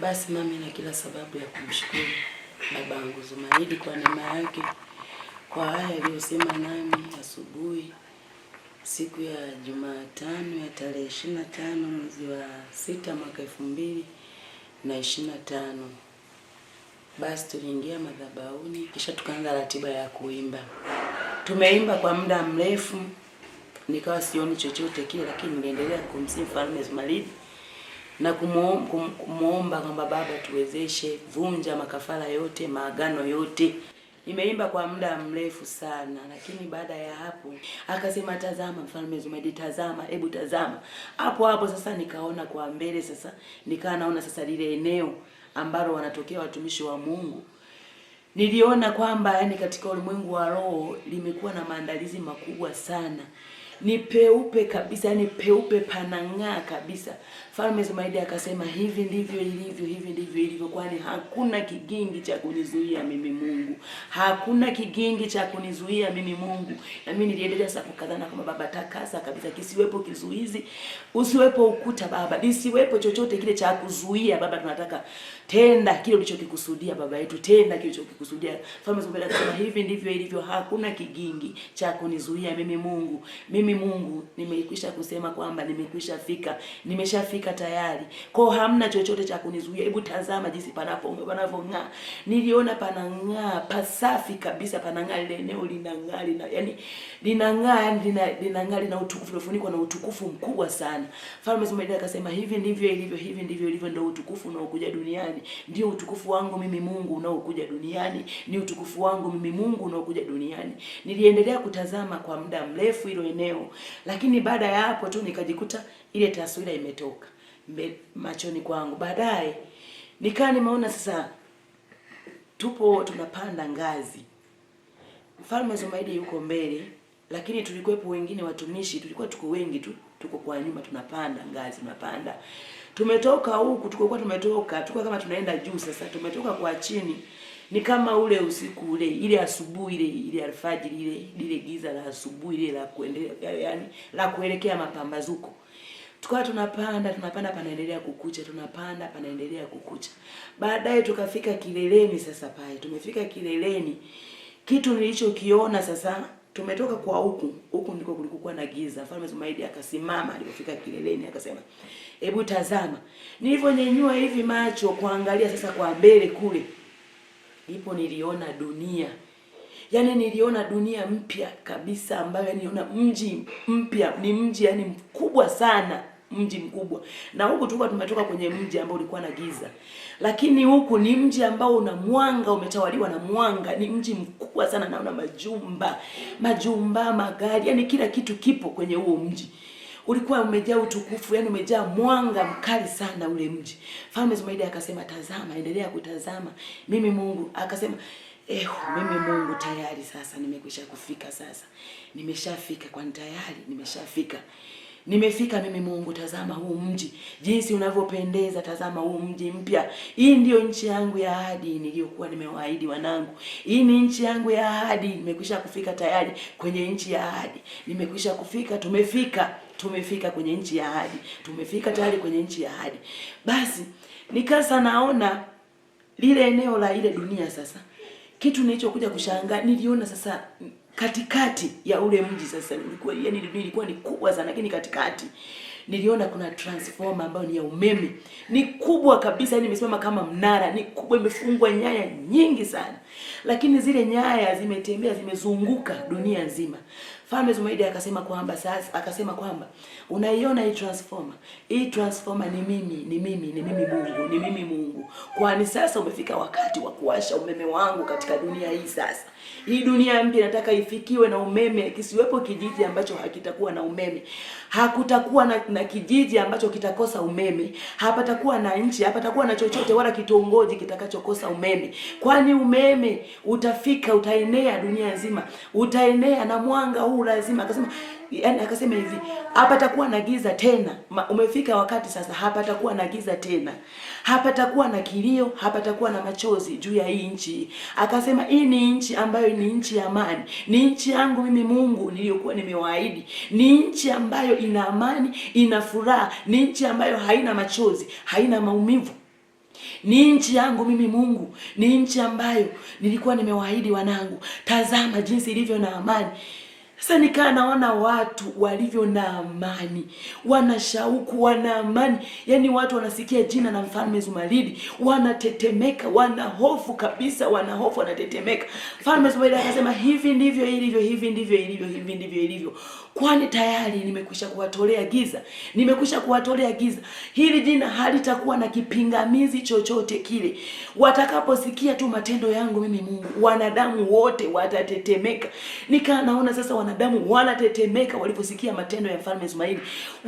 Basi mami na kila sababu ya kumshukuru babangu Zumaridi kwa neema yake, kwa haya aliyosema nami asubuhi siku ya Jumatano ya tarehe ishirini na tano mwezi wa sita mwaka elfu mbili na ishirini na tano. Basi tuliingia madhabahuni, kisha tukaanza ratiba ya kuimba. Tumeimba kwa muda mrefu, nikawa sioni chochote kile, lakini niliendelea kumsifu Mfalme Zumaridi na kumwomba kwamba Baba, tuwezeshe, vunja makafara yote, maagano yote. imeimba kwa muda mrefu sana, lakini baada ya hapo akasema, tazama mfalme Zubeda, tazama, hebu tazama hapo hapo. Sasa nikaona kwa mbele, sasa nikaa naona sasa lile eneo ambalo wanatokea watumishi wa Mungu niliona kwamba yani katika ulimwengu wa roho limekuwa na maandalizi makubwa sana ni peupe kabisa, ni peupe panang'aa kabisa. Mfalme Zumaridi akasema, hivi ndivyo ilivyo, hivi ndivyo ilivyo, kwani hakuna kigingi cha kunizuia mimi Mungu, hakuna kigingi cha kunizuia mimi Mungu. Na mimi niliendelea saa kukadhana kama Baba, takasa kabisa, kisiwepo kizuizi, usiwepo ukuta Baba, lisiwepo chochote kile cha kuzuia Baba, tunataka Tenda kile ulichokikusudia baba yetu, tenda kile ulichokikusudia. Mfalme Zubeda akasema hivi ndivyo ilivyo, hakuna kigingi cha kunizuia mimi Mungu. Mimi Mungu nimekwisha kusema kwamba nimekwisha fika, nimeshafika tayari. Kwa hamna chochote cha kunizuia. Hebu tazama jinsi panapo panavong'aa. Niliona panang'aa, pasafi kabisa panang'aa, ile eneo linang'aa, lina yani linang'aa, lina linang'aa lina utukufu, lofunikwa na utukufu mkubwa sana. Mfalme Zubeda akasema hivi ndivyo ilivyo, hivi ndivyo ilivyo, ndio utukufu unaokuja duniani duniani. Ndio utukufu wangu mimi Mungu unaokuja duniani, ni utukufu wangu mimi Mungu unaokuja duniani. Niliendelea kutazama kwa muda mrefu hilo eneo, lakini baada ya hapo tu nikajikuta ile taswira imetoka machoni kwangu. Baadaye nikaa nimeona sasa tupo tunapanda ngazi, Mfalme Zumaridi yuko mbele lakini tulikuwepo wengine watumishi, tulikuwa tuko wengi tu, tuko kwa nyumba, tunapanda ngazi, tunapanda. Tumetoka huku, tulikuwa tumetoka, tulikuwa kama tunaenda juu. Sasa tumetoka kwa chini, ni kama ule usiku ule, ile asubuhi ile, ile alfajiri ile, ile giza la asubuhi ile la kuendelea, yani la kuelekea mapambazuko. Tukawa tunapanda tunapanda, panaendelea kukucha, tunapanda panaendelea kukucha. Baadaye tukafika kileleni. Sasa pale tumefika kileleni, kitu nilichokiona sasa tumetoka kwa huku huku ndiko kulikuwa na giza. Mfalme Zumaridi akasimama alipofika kileleni, akasema hebu tazama. Nilivyonyanyua hivi macho kuangalia sasa kwa mbele kule, ndipo niliona dunia, yaani niliona dunia mpya kabisa, ambayo yaani niliona mji mpya, ni mji yani mkubwa sana mji mkubwa, na huku tulikuwa tumetoka kwenye mji ambao ulikuwa na giza, lakini huku ni mji ambao una mwanga, umetawaliwa na mwanga. Ni mji mkubwa sana na una majumba, majumba, magari, yani kila kitu kipo kwenye huo mji ulikuwa umejaa utukufu, yani umejaa mwanga mkali sana ule mji. Mfalme Zumaridi akasema, tazama, endelea kutazama, mimi Mungu akasema eh, mimi Mungu tayari sasa nimekwisha kufika, sasa nimeshafika, kwani tayari nimeshafika. Nimefika mimi Mungu, tazama huu mji jinsi unavyopendeza, tazama huu mji mpya. Hii ndiyo nchi yangu ya ahadi niliyokuwa nimewaahidi wanangu. Hii ni nchi yangu ya ahadi, nimekwisha kufika tayari kwenye nchi ya ahadi. Nimekwisha kufika, tumefika, tumefika kwenye nchi ya ahadi, tumefika tayari kwenye nchi ya ahadi. Basi nikasa naona lile eneo la ile dunia sasa, kitu nilichokuja kushangaa niliona sasa katikati ya ule mji sasa, nilikuwa yani ilikuwa ni kubwa sana, lakini katikati niliona kuna transformer ambayo ni ya umeme, ni kubwa kabisa, yani imesimama kama mnara, ni kubwa, imefungwa nyaya nyingi sana, lakini zile nyaya zimetembea zimezunguka dunia nzima. Mfalme Zumaridi akasema kwamba sasa, akasema kwamba unaiona hii transformer, hii transformer ni mimi, ni mimi, ni mimi Mungu, ni mimi Mungu, kwani sasa umefika wakati wa kuwasha umeme wangu katika dunia hii. Sasa hii dunia mpya nataka ifikiwe na umeme, kisiwepo kijiji ambacho hakitakuwa na umeme, hakutakuwa na, na kijiji ambacho kitakosa umeme, hapatakuwa na nchi, hapatakuwa na chochote wala kitongoji kitakachokosa umeme, kwani umeme utafika, utaenea dunia nzima, utaenea na mwanga huu huu lazima akasema, yani akasema hivi, hapa takuwa na giza tena. Ma, Umefika wakati sasa, hapa takuwa na giza tena, hapa takuwa na kilio, hapa takuwa na machozi juu ya hii nchi. Akasema hii ni nchi ambayo ni nchi ya amani, ni nchi yangu mimi Mungu niliyokuwa nimewaahidi, ni nchi ambayo ina amani, ina furaha, ni nchi ambayo haina machozi, haina maumivu ni nchi yangu mimi Mungu, ni nchi ambayo nilikuwa nimewaahidi wanangu. Tazama jinsi ilivyo na amani. Sasa nikaa naona watu walivyo na amani, wana shauku, wana amani, yaani watu wanasikia jina la Mfalme Zumaridi wanatetemeka, wana hofu kabisa, wana hofu, wanatetemeka. Mfalme Zumaridi akasema, hivi ndivyo ilivyo, hivi ndivyo ilivyo, hivi ndivyo ilivyo, kwani tayari nimekwisha kuwatolea giza, nimekwisha kuwatolea giza. Hili jina halitakuwa na kipingamizi chochote kile. Watakaposikia tu matendo yangu mimi Mungu, wanadamu wote watatetemeka. Nikaa naona sasa wana wanadamu wanatetemeka waliposikia matendo ya mfalme Ismaili,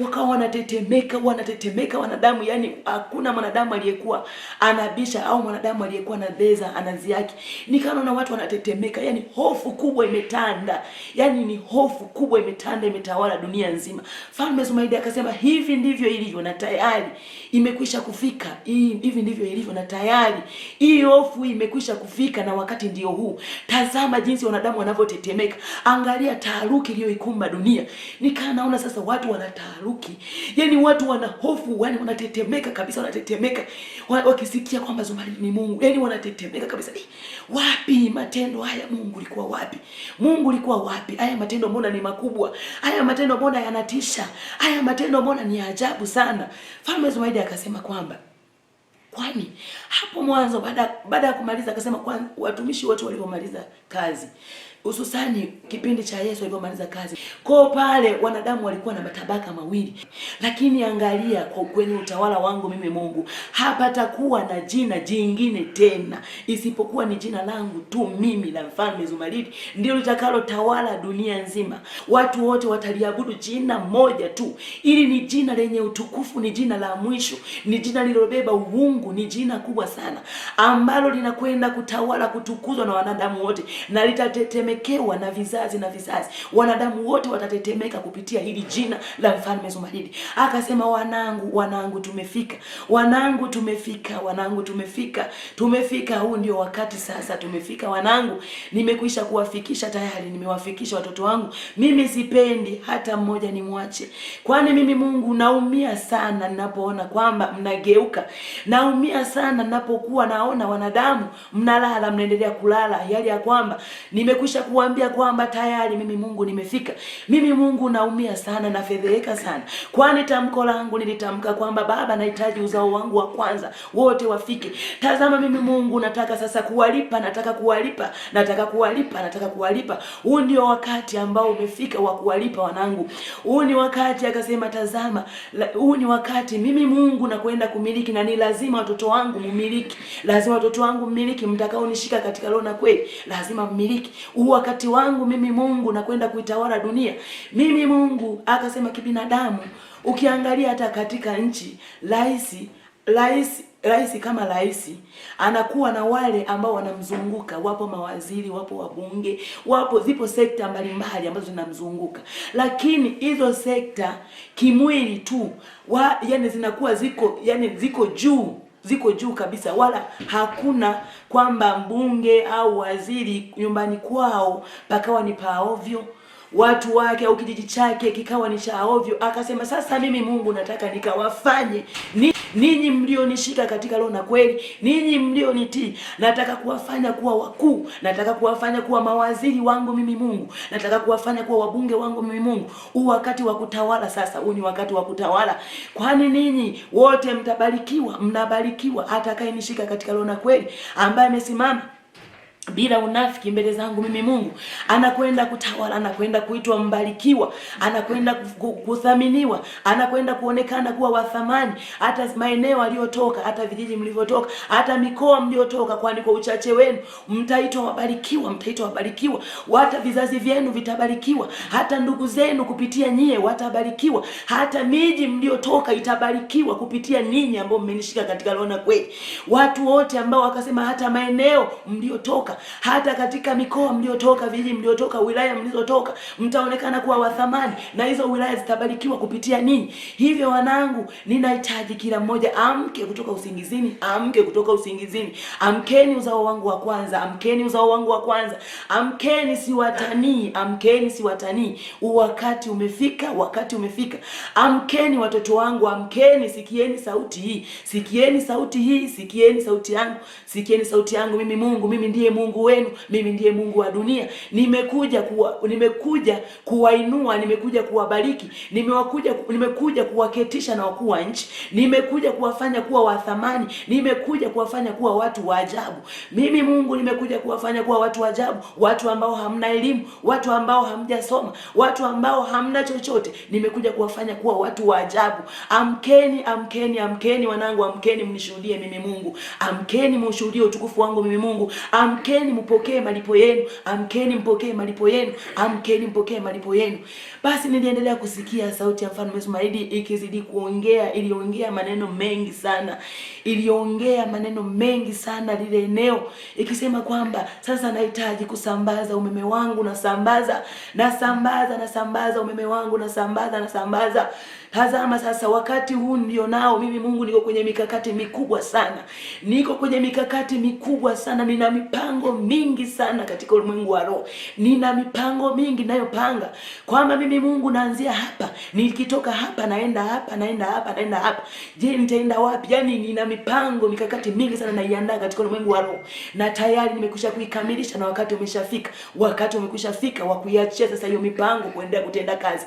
wakawa wanatetemeka, wanatetemeka wanadamu. Yani hakuna mwanadamu aliyekuwa anabisha au mwanadamu aliyekuwa na beza anazi yake. Nikaona na watu wanatetemeka, yani hofu kubwa imetanda, yani ni hofu kubwa imetanda, imetawala dunia nzima. Mfalme Ismaili akasema, hivi ndivyo ilivyo na tayari imekwisha kufika. Hivi ndivyo ilivyo na tayari hii hofu imekwisha kufika, na wakati ndio huu. Tazama jinsi wanadamu wanavyotetemeka, angalia taharuki iliyoikumba dunia. Nikaa naona sasa watu wana taharuki, yani watu wana hofu, yani wanatetemeka kabisa, wanatetemeka wakisikia kwamba Zumari ni Mungu, yani wanatetemeka kabisa. Eh, wapi matendo haya? Mungu ulikuwa wapi? Mungu ulikuwa wapi? Haya matendo mbona ni makubwa? Haya matendo mbona yanatisha? Haya matendo mbona ni ajabu sana? Mfalme Zumaridi akasema kwamba kwani hapo mwanzo baada baada ya kumaliza akasema kwa watumishi wote waliomaliza kazi hususani kipindi cha Yesu alipomaliza kazi kwao pale, wanadamu walikuwa na matabaka mawili, lakini angalia, kwa kwenye utawala wangu mimi Mungu hapatakuwa na jina jingine tena isipokuwa ni jina langu tu mimi la Mfalme Zumaridi ndilo litakalotawala dunia nzima. Watu wote wataliabudu jina moja tu, ili ni jina lenye utukufu, ni jina la mwisho, ni jina lililobeba uungu, ni jina kubwa sana ambalo linakwenda kutawala, kutukuzwa na wanadamu wote na litatetemeka watatetemekewa na vizazi na vizazi, wanadamu wote watatetemeka kupitia hili jina la mfalme Zumaridi. Akasema, wanangu, wanangu, tumefika, wanangu, tumefika, wanangu, tumefika, tumefika. Huu ndio wakati sasa, tumefika wanangu, nimekwisha kuwafikisha tayari, nimewafikisha watoto wangu. Mimi sipendi hata mmoja nimwache, kwani mimi Mungu naumia sana ninapoona kwamba mnageuka, naumia sana ninapokuwa naona wanadamu mnalala, mnaendelea kulala, yali ya kwamba nimekwisha cha kuambia kwamba tayari mimi Mungu nimefika. Mimi Mungu naumia sana na fedheheka sana, kwani tamko langu nilitamka kwamba Baba, nahitaji uzao wangu wa kwanza wote wafike. Tazama mimi Mungu nataka sasa kuwalipa, nataka kuwalipa, nataka kuwalipa, nataka kuwalipa. Huu ndio wakati ambao umefika wa kuwalipa wanangu. Huu ni wakati akasema, tazama, huu ni wakati mimi Mungu nakwenda kumiliki, na ni lazima watoto wangu mumiliki, lazima watoto wangu mmiliki, mtakao nishika katika roho na kweli, lazima mmiliki huu wakati wangu mimi Mungu nakwenda kuitawala dunia. Mimi Mungu akasema kibinadamu, ukiangalia hata katika nchi rais rais rais kama rais anakuwa na wale ambao wanamzunguka, wapo mawaziri, wapo wabunge, wapo zipo sekta mbalimbali ambazo zinamzunguka, lakini hizo sekta kimwili tu wa, yani zinakuwa ziko yani ziko juu ziko juu kabisa, wala hakuna kwamba mbunge au waziri nyumbani kwao pakawa ni paovyo watu wake au kijiji chake kikawa ni cha ovyo, akasema sasa mimi Mungu nataka nikawafanye ni ninyi mlionishika katika roho na kweli, ninyi mlionitii. Nataka kuwafanya kuwa wakuu, nataka kuwafanya kuwa mawaziri wangu mimi Mungu, nataka kuwafanya kuwa wabunge wangu mimi Mungu. Huu wakati wa kutawala sasa, huu ni wakati wa kutawala, kwani ninyi wote mtabarikiwa, mnabarikiwa atakayenishika katika roho na kweli, ambaye amesimama bila unafiki mbele zangu mimi Mungu anakwenda kutawala, anakwenda kuitwa mbarikiwa, anakwenda kuthaminiwa, anakwenda kuonekana kuwa wa thamani, hata maeneo aliyotoka, hata vijiji mlivyotoka, hata mikoa mliotoka, kwani kwa uchache wenu mtaitwa wabarikiwa, mtaitwa wabarikiwa, hata vizazi vyenu vitabarikiwa, hata ndugu zenu kupitia nyie watabarikiwa, hata miji mliotoka itabarikiwa kupitia ninyi ambao mmenishika katika roho na kweli, watu wote ambao wakasema, hata maeneo mliotoka mliotoka, hata katika mikoa mliotoka, vijiji mliotoka, wilaya mlizotoka, mtaonekana kuwa wa thamani na hizo wilaya zitabarikiwa kupitia ninyi. Hivyo wanangu, ninahitaji kila mmoja amke kutoka usingizini, amke kutoka usingizini. Amkeni uzao wangu wa kwanza, amkeni uzao wangu wa kwanza, amkeni si watanii, amkeni si watanii. Wakati umefika, wakati umefika. Amkeni watoto wangu, amkeni, sikieni sauti hii, sikieni sauti hii, sikieni sauti yangu, sikieni sauti yangu. Mimi Mungu, mimi ndiye Mungu. Mungu wenu, mimi ndiye Mungu wa dunia. Nimekuja kuwa nimekuja kuwainua, nimekuja kuwabariki, nimewakuja nimekuja kuwaketisha na wakuu wa nchi, nimekuja kuwafanya kuwa wa thamani, nimekuja kuwafanya kuwa watu wa ajabu. Mimi Mungu nimekuja kuwafanya kuwa watu wa ajabu, watu ambao hamna elimu, watu ambao hamjasoma, watu ambao hamna chochote. Nimekuja kuwafanya kuwa watu wa ajabu. Amkeni, amkeni, amkeni wanangu, amkeni mnishuhudie mimi Mungu. Amkeni mshuhudie utukufu wangu mimi Mungu. Amkeni amkeni mpokee malipo yenu, amkeni mpokee malipo yenu, amkeni mpokee malipo yenu. Basi niliendelea kusikia sauti ya mfalme Sumaidi ikizidi kuongea, iliongea maneno mengi sana, iliongea maneno mengi sana lile eneo, ikisema kwamba sasa nahitaji kusambaza umeme wangu, nasambaza, nasambaza, nasambaza umeme wangu, nasambaza, nasambaza Tazama sasa, wakati huu ndio nao mimi Mungu niko kwenye mikakati mikubwa sana, niko kwenye mikakati mikubwa sana, nina mipango mingi sana katika ulimwengu wa roho, nina mipango mingi nayopanga kwamba mimi Mungu naanzia hapa, nikitoka hapa naenda hapa, naenda hapa, naenda hapa. Je, nitaenda wapi? Yani nina mipango mikakati mingi sana naiandaa katika ulimwengu wa roho, na tayari nimekwisha kuikamilisha, na wakati umeshafika, wakati umekwisha fika wa kuiachia sasa hiyo mipango kuendelea kutenda kazi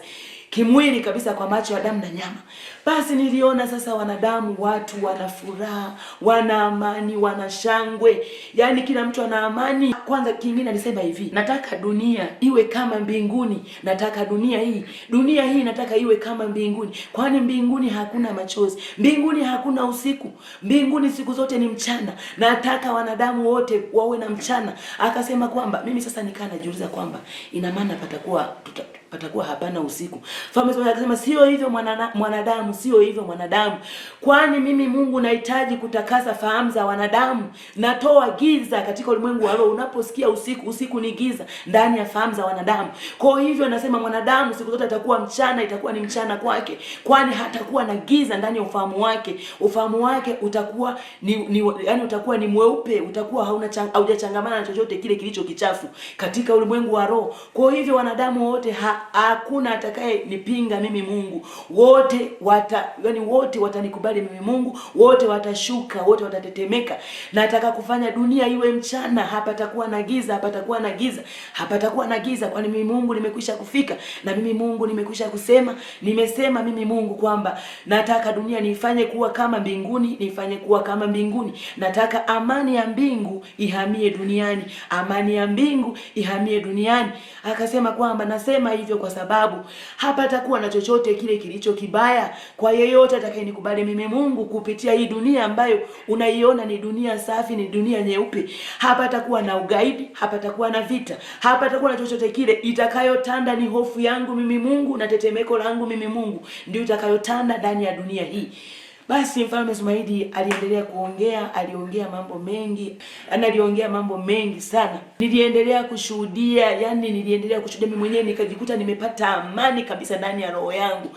kimwili kabisa kwa macho ya damu na nyama. Basi niliona sasa wanadamu, watu wana furaha, wana amani, wana shangwe, yaani kila mtu ana amani. Kwanza kingine alisema hivi, nataka dunia iwe kama mbinguni, nataka dunia hii, dunia hii nataka iwe kama mbinguni, kwani mbinguni hakuna machozi, mbinguni hakuna usiku, mbinguni siku zote ni mchana. Nataka wanadamu wote wawe na mchana. Akasema kwamba mimi sasa nikaa najiuliza kwamba ina maana patakuwa tuta patakuwa hapana usiku. Mfalme akasema sio hivyo mwanadamu, mwanadamu sio hivyo mwanadamu, kwani mimi Mungu nahitaji kutakasa fahamu za wanadamu. Natoa giza katika ulimwengu wa roho. Unaposikia usiku, usiku ni giza ndani ya fahamu za wanadamu. Kwa hivyo anasema mwanadamu siku zote atakuwa mchana, itakuwa ni mchana kwake, kwani hatakuwa na giza ndani ya ufahamu wake. Ufahamu wake utakuwa ni, ni yani utakuwa ni mweupe, utakuwa hauna haujachangamana na chochote kile kilicho kichafu katika ulimwengu wa roho. Kwa hivyo wanadamu wote ha, hakuna atakaye nipinga mimi Mungu, wote wata yani wote watanikubali mimi Mungu, wote watashuka, wote watatetemeka. Nataka kufanya dunia iwe mchana, hapatakuwa na giza, hapatakuwa na giza, hapatakuwa na giza, kwani mimi Mungu nimekwisha kufika, na mimi Mungu nimekwisha kusema. Nimesema mimi Mungu kwamba nataka dunia niifanye kuwa kama mbinguni, niifanye kuwa kama mbinguni. Nataka amani ya mbingu ihamie duniani, amani ya mbingu ihamie duniani. Akasema kwamba nasema hivyo hivyo kwa sababu hapatakuwa na chochote kile kilicho kibaya kwa yeyote atakayenikubali mimi Mungu kupitia hii dunia ambayo unaiona ni dunia safi, ni dunia nyeupe. Hapatakuwa na ugaidi, hapatakuwa na vita, hapatakuwa na chochote kile. Itakayotanda ni hofu yangu mimi Mungu na tetemeko langu mimi Mungu, ndio itakayotanda ndani ya dunia hii. Basi Mfalme Sumaidi aliendelea kuongea, aliongea mambo mengi, na yaani aliongea mambo mengi sana. Niliendelea kushuhudia, yani niliendelea kushuhudia mimi mwenyewe nikajikuta nimepata amani kabisa ndani ya roho yangu.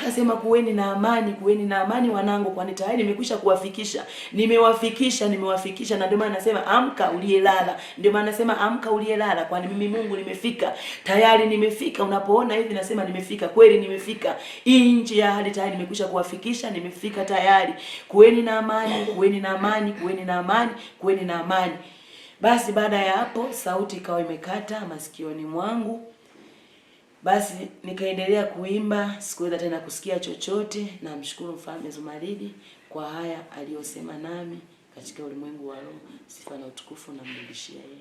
Akasema kuweni na amani, kuweni na amani wanangu, kwani tayari nimekwisha kuwafikisha. Nimewafikisha, nimewafikisha na ndio maana nasema amka uliyelala. Ndio maana nasema amka uliyelala, kwani mimi Mungu nimefika. Tayari nimefika. Unapoona hivi nasema nimefika. Kweli nimefika. Hii nchi ya ahadi tayari nimekwisha kuwafikisha, nimefika tayari. Kuweni na amani, kuweni na amani, kuweni na amani, kuweni na amani. Basi baada ya hapo sauti ikawa imekata masikioni mwangu. Basi nikaendelea kuimba, sikuweza tena kusikia chochote. Namshukuru Mfalme Zumaridi kwa haya aliyosema nami katika ulimwengu wa roho. Sifa na utukufu namrudishia yeye.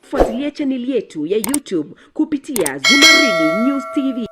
Fuatilia chaneli yetu ya YouTube kupitia Zumaridi News TV.